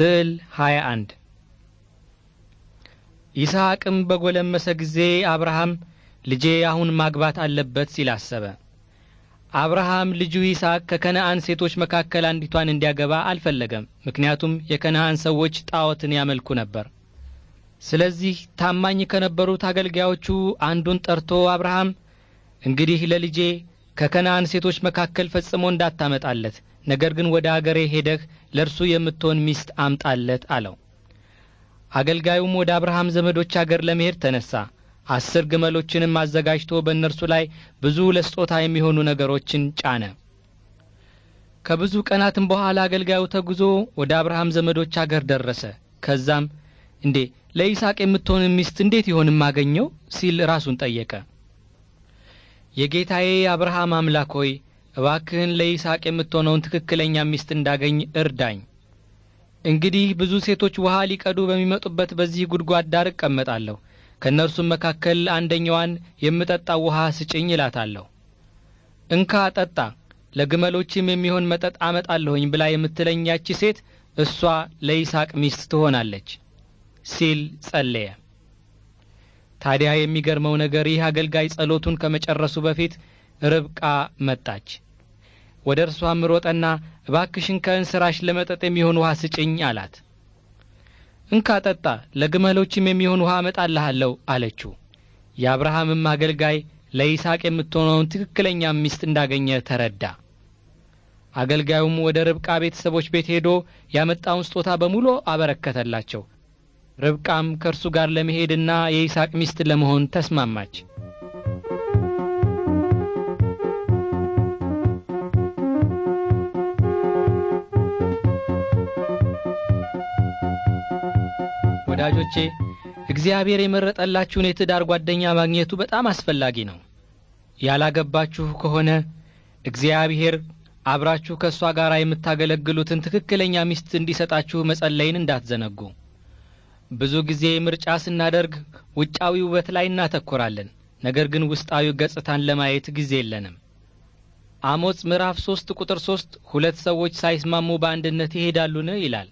ስዕል 21 ይስሐቅም በጎለመሰ ጊዜ አብርሃም ልጄ አሁን ማግባት አለበት ሲል አሰበ። አብርሃም ልጁ ይስሐቅ ከከነአን ሴቶች መካከል አንዲቷን እንዲያገባ አልፈለገም። ምክንያቱም የከነአን ሰዎች ጣዖትን ያመልኩ ነበር። ስለዚህ ታማኝ ከነበሩት አገልጋዮቹ አንዱን ጠርቶ አብርሃም እንግዲህ ለልጄ ከከነአን ሴቶች መካከል ፈጽሞ እንዳታመጣለት፣ ነገር ግን ወደ አገሬ ሄደህ ለእርሱ የምትሆን ሚስት አምጣለት አለው። አገልጋዩም ወደ አብርሃም ዘመዶች አገር ለመሄድ ተነሳ። አስር ግመሎችንም አዘጋጅቶ በእነርሱ ላይ ብዙ ለስጦታ የሚሆኑ ነገሮችን ጫነ። ከብዙ ቀናትም በኋላ አገልጋዩ ተጉዞ ወደ አብርሃም ዘመዶች አገር ደረሰ። ከዛም እንዴ ለይስሐቅ የምትሆን ሚስት እንዴት ይሆን የማገኘው ሲል ራሱን ጠየቀ። የጌታዬ አብርሃም አምላክ ሆይ እባክህን ለይስሐቅ የምትሆነውን ትክክለኛ ሚስት እንዳገኝ እርዳኝ። እንግዲህ ብዙ ሴቶች ውሃ ሊቀዱ በሚመጡበት በዚህ ጉድጓድ ዳር እቀመጣለሁ። ከእነርሱም መካከል አንደኛዋን የምጠጣው ውሃ ስጭኝ እላታለሁ። እንካ ጠጣ፣ ለግመሎችም የሚሆን መጠጥ አመጣለሁኝ ብላ የምትለኝ ያቺ ሴት እሷ ለይስሐቅ ሚስት ትሆናለች ሲል ጸለየ። ታዲያ የሚገርመው ነገር ይህ አገልጋይ ጸሎቱን ከመጨረሱ በፊት ርብቃ መጣች። ወደ እርሷም ሮጠና እባክሽን ከእንስራሽ ለመጠጥ የሚሆን ውሃ ስጭኝ አላት። እንካ ጠጣ፣ ለግመሎችም የሚሆን ውሃ አመጣልሃለሁ አለችው። የአብርሃምም አገልጋይ ለይስሐቅ የምትሆነውን ትክክለኛ ሚስት እንዳገኘ ተረዳ። አገልጋዩም ወደ ርብቃ ቤተሰቦች ቤት ሄዶ ያመጣውን ስጦታ በሙሉ አበረከተላቸው። ርብቃም ከእርሱ ጋር ለመሄድና የይስሐቅ ሚስት ለመሆን ተስማማች። ወዳጆቼ እግዚአብሔር የመረጠላችሁን የትዳር ጓደኛ ማግኘቱ በጣም አስፈላጊ ነው። ያላገባችሁ ከሆነ እግዚአብሔር አብራችሁ ከእሷ ጋር የምታገለግሉትን ትክክለኛ ሚስት እንዲሰጣችሁ መጸለይን እንዳትዘነጉ። ብዙ ጊዜ ምርጫ ስናደርግ ውጫዊ ውበት ላይ እናተኩራለን ነገር ግን ውስጣዊ ገጽታን ለማየት ጊዜ የለንም። አሞጽ ምዕራፍ ሶስት ቁጥር ሶስት ሁለት ሰዎች ሳይስማሙ በአንድነት ይሄዳሉን ይላል።